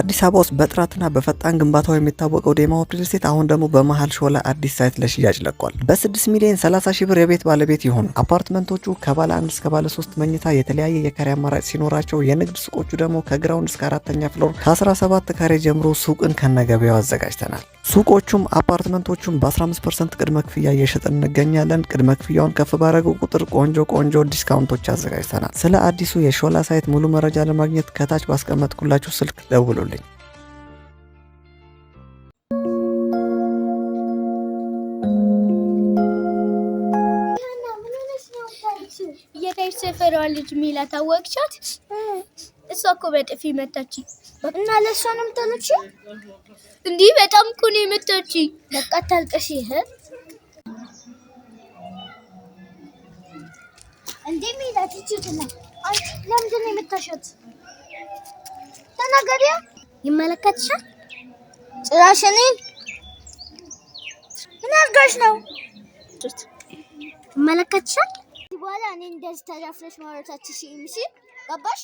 አዲስ አበባ ውስጥ በጥራትና በፈጣን ግንባታው የሚታወቀው ዴማ ሆፕ ሪልስቴት አሁን ደግሞ በመሀል ሾላ አዲስ ሳይት ለሽያጭ ለቋል። በ6 ሚሊዮን 30 ሺህ ብር የቤት ባለቤት ይሆኑ። አፓርትመንቶቹ ከባለ አንድ እስከ ባለ ሶስት መኝታ የተለያየ የካሬ አማራጭ ሲኖራቸው የንግድ ሱቆቹ ደግሞ ከግራውንድ እስከ አራተኛ ፍሎር ከ17 ካሬ ጀምሮ ሱቅን ከነገበያው አዘጋጅተናል። ሱቆቹም አፓርትመንቶቹም በ15 ፐርሰንት ቅድመ ክፍያ እየሸጥን እንገኛለን። ቅድመ ክፍያውን ከፍ ባደረገው ቁጥር ቆንጆ ቆንጆ ዲስካውንቶች አዘጋጅተናል። ስለ አዲሱ የሾላ ሳይት ሙሉ መረጃ ለማግኘት ከታች ባስቀመጥኩላችሁ ስልክ ደውሉልኝ። ሰፈሯ ልጅ ሚላ ታወቅቻት? እኮ በጥፊ መታች እና ለእሷ ነው የምታነች። እንዲህ በጣም እኮ ነው የመታች። በቃ ታልቀሽ ይሄ እንዴ ሚላት ይችላል። አንቺ ለምንድን ነው የምታሸት? ተናገሪያ ይመለከትሻል። ጭራሽ እኔን ምን አድርጋሽ ነው ይመለከትሻል። በኋላ እኔ እንደዚህ ተዳፍረሽ ማውራታችን ሲል ገባሽ?